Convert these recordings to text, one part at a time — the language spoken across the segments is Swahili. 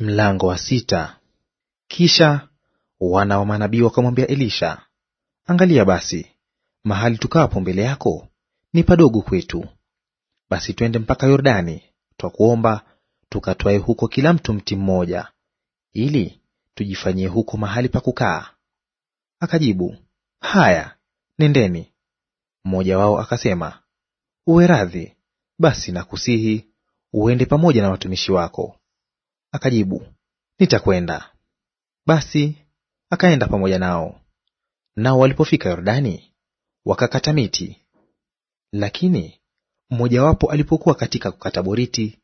Mlango wa sita. Kisha wana wa manabii wakamwambia Elisha, angalia basi, mahali tukaapo mbele yako ni padogo kwetu. Basi twende mpaka Yordani, twakuomba tukatwae huko kila mtu mti mmoja, ili tujifanyie huko mahali pa kukaa. Akajibu, haya, nendeni. Mmoja wao akasema, uwe radhi, basi nakusihi uende pamoja na watumishi wako. Akajibu, nitakwenda. Basi akaenda pamoja nao. Nao walipofika Yordani, wakakata miti. Lakini mmojawapo alipokuwa katika kukata boriti,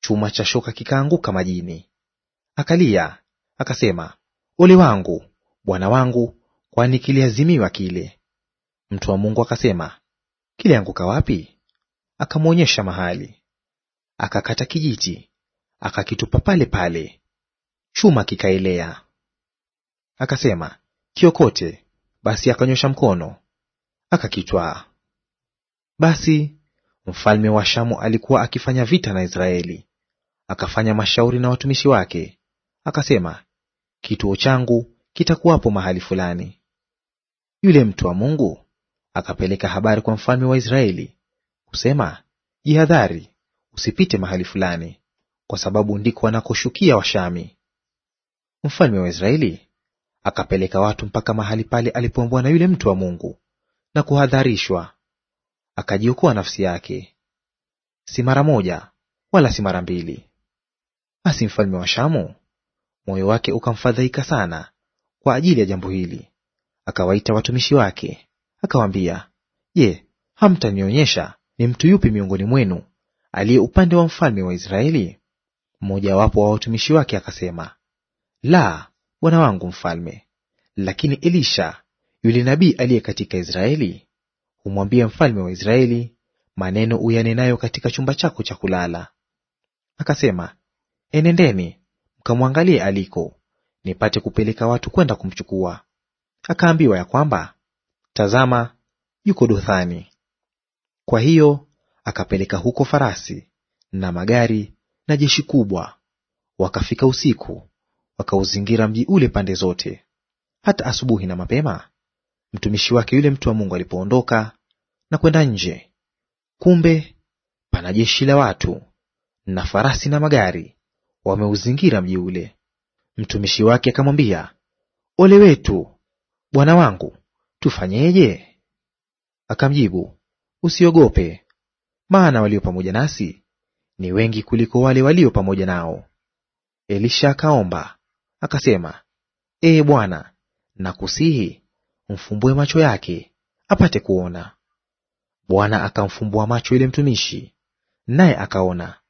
chuma cha shoka kikaanguka majini. Akalia akasema, ole wangu, bwana wangu, kwani kiliazimiwa kile. Mtu wa Mungu akasema, kilianguka wapi? Akamwonyesha mahali. Akakata kijiti akakitupa pale pale, chuma kikaelea. Akasema, kiokote. Basi akanyosha mkono akakitwaa. Basi mfalme wa Shamu alikuwa akifanya vita na Israeli, akafanya mashauri na watumishi wake, akasema, kituo changu kitakuwapo mahali fulani. Yule mtu wa Mungu akapeleka habari kwa mfalme wa Israeli kusema, jihadhari, usipite mahali fulani kwa sababu ndiko wanakoshukia Washami. Mfalme wa Israeli akapeleka watu mpaka mahali pale alipoambwa na yule mtu wa Mungu na kuhadharishwa, akajiokoa nafsi yake, si mara moja wala si mara mbili. Basi mfalme wa Shamu moyo wake ukamfadhaika sana kwa ajili ya jambo hili, akawaita watumishi wake, akawaambia, Je, hamtanionyesha ni mtu yupi miongoni mwenu aliye upande wa mfalme wa Israeli? Mmojawapo wa watumishi wake akasema, la, bwana wangu mfalme. Lakini Elisha yule nabii aliye katika Israeli humwambia mfalme wa Israeli maneno uyanenayo katika chumba chako cha kulala. Akasema, enendeni mkamwangalie aliko, nipate kupeleka watu kwenda kumchukua. Akaambiwa ya kwamba, tazama, yuko Dothani. Kwa hiyo akapeleka huko farasi na magari na jeshi kubwa, wakafika usiku, wakauzingira mji ule pande zote. Hata asubuhi na mapema mtumishi wake yule mtu wa Mungu alipoondoka na kwenda nje, kumbe pana jeshi la watu na farasi na magari, wameuzingira mji ule. Mtumishi wake akamwambia, ole wetu, bwana wangu, tufanyeje? Akamjibu, usiogope, maana walio pamoja nasi ni wengi kuliko wale walio pamoja nao. Elisha akaomba akasema, Ee Bwana, nakusihi mfumbue macho yake apate kuona. Bwana akamfumbua macho yule mtumishi, naye akaona.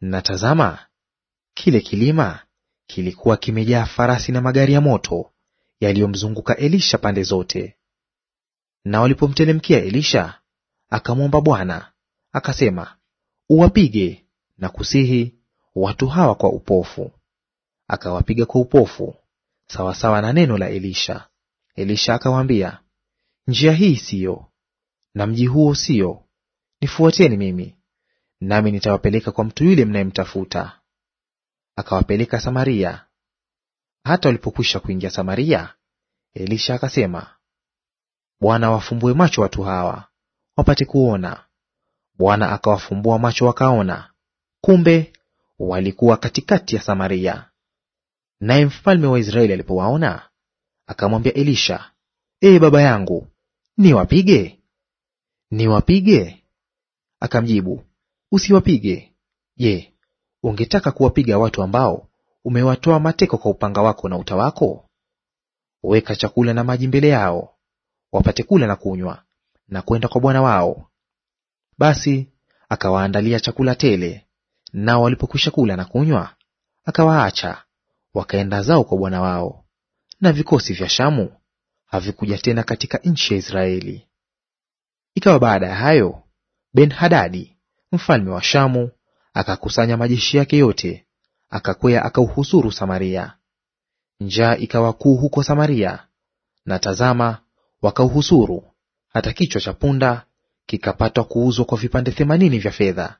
Na tazama, kile kilima kilikuwa kimejaa farasi na magari ya moto yaliyomzunguka Elisha pande zote. Na walipomtelemkia Elisha, akamwomba Bwana akasema, uwapige na kusihi watu hawa kwa upofu. Akawapiga kwa upofu sawasawa na neno la Elisha. Elisha akawaambia, njia hii siyo na mji huo siyo, nifuateni mimi, nami nitawapeleka kwa mtu yule mnayemtafuta. Akawapeleka Samaria. Hata walipokwisha kuingia Samaria, Elisha akasema, Bwana wafumbue macho watu hawa wapate kuona. Bwana akawafumbua macho wakaona, Kumbe walikuwa katikati ya Samaria. Naye mfalme wa Israeli alipowaona, akamwambia Elisha, Ee baba yangu, niwapige? Niwapige? Akamjibu, usiwapige. Je, ungetaka kuwapiga watu ambao umewatoa mateka kwa upanga wako na uta wako? Weka chakula na maji mbele yao, wapate kula na kunywa, na kwenda kwa bwana wao. Basi akawaandalia chakula tele Nao walipokwisha kula na kunywa, akawaacha wakaenda zao kwa bwana wao. Na vikosi vya Shamu havikuja tena katika nchi ya Israeli. Ikawa baada ya hayo, Ben-Hadadi mfalme wa Shamu akakusanya majeshi yake yote, akakwea akauhusuru Samaria. Njaa ikawa kuu huko Samaria, na tazama, wakauhusuru hata kichwa cha punda kikapatwa kuuzwa kwa vipande themanini vya fedha,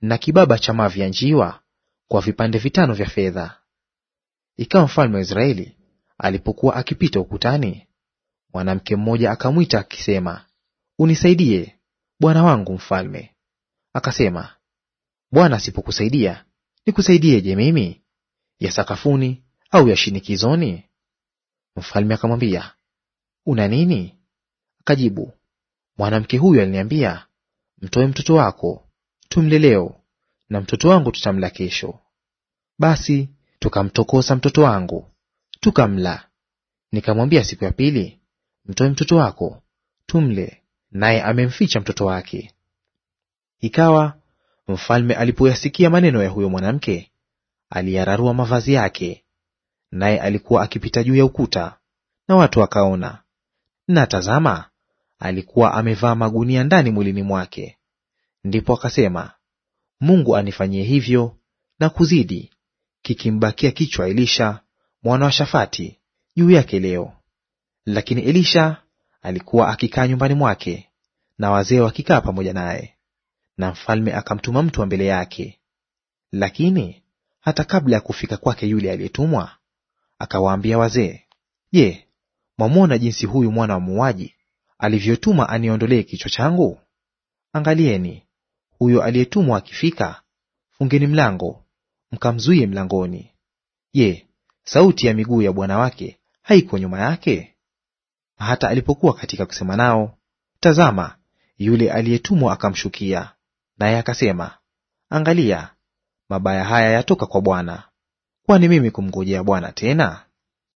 na kibaba cha mavi ya njiwa kwa vipande vitano vya fedha. Ikawa mfalme wa Israeli alipokuwa akipita ukutani, mwanamke mmoja akamwita akisema, unisaidie, bwana wangu mfalme. Akasema, Bwana asipokusaidia nikusaidieje mimi? Ya sakafuni au ya shinikizoni? Mfalme akamwambia, una nini? Akajibu, mwanamke huyu aliniambia, mtoe mtoto wako tumle leo, na mtoto wangu tutamla kesho. Basi tukamtokosa mtoto wangu, tukamla. Nikamwambia siku ya pili, mtoe mtoto wako tumle, naye amemficha mtoto wake. Ikawa mfalme alipoyasikia maneno ya huyo mwanamke, aliyararua mavazi yake, naye alikuwa akipita juu ya ukuta, na watu wakaona. Na tazama, alikuwa amevaa magunia ndani mwilini mwake. Ndipo akasema, Mungu anifanyie hivyo na kuzidi, kikimbakia kichwa Elisha mwana wa Shafati juu yake leo. Lakini Elisha alikuwa akikaa nyumbani mwake na wazee wakikaa pamoja naye, na mfalme akamtuma mtu wa mbele yake. Lakini hata kabla ya kufika kwake yule aliyetumwa, akawaambia wazee, Je, mwamwona jinsi huyu mwana wa muuaji alivyotuma aniondolee kichwa changu? Angalieni, huyo aliyetumwa akifika, fungeni mlango, mkamzuie mlangoni. Je, sauti ya miguu ya bwana wake haiko nyuma yake? Hata alipokuwa katika kusema nao, tazama, yule aliyetumwa akamshukia, naye akasema, angalia, mabaya haya yatoka kwa Bwana. Kwani mimi kumngojea Bwana tena?